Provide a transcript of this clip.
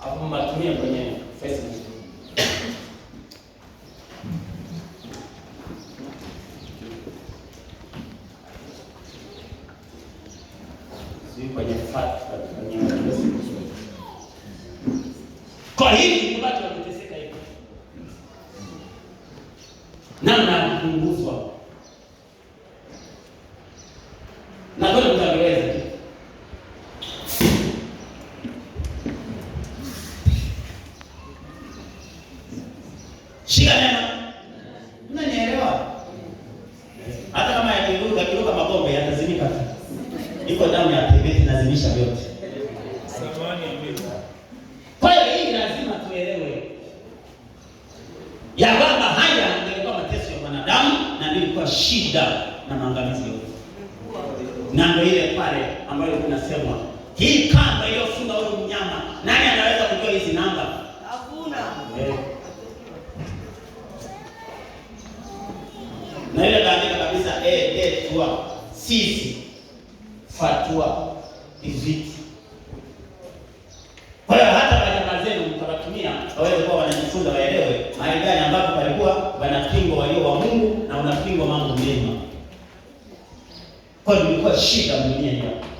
hapo mbatumia kwenye Facebook. Kwa hivi watu wanateseka hivi, namna ya kupunguzwa na Shika neno. Unanielewa? Hata kama yakiruka kiruka mabombe yatazimika Iko damu ya tebeti inazimisha vyote. Kwa hiyo hii lazima tuelewe ya kwamba haya yalikuwa mateso ya mwanadamu na ndio ilikuwa shida na maangamizi yote. Na ndio ile pale ambayo kunasemwa hii kamba iliyofunga huyo mnyama nani na ile kaandika kabisa edetua eh, eh, sisi fatua biziti. Kwa hiyo hata majamaa zenu mtawatumia waweze kuwa wanajifunza, waelewe mahali gani ambapo palikuwa wanapingwa walio wa Mungu na unapingwa mambo mema. Kwa hiyo ilikuwa shida dunia hapo.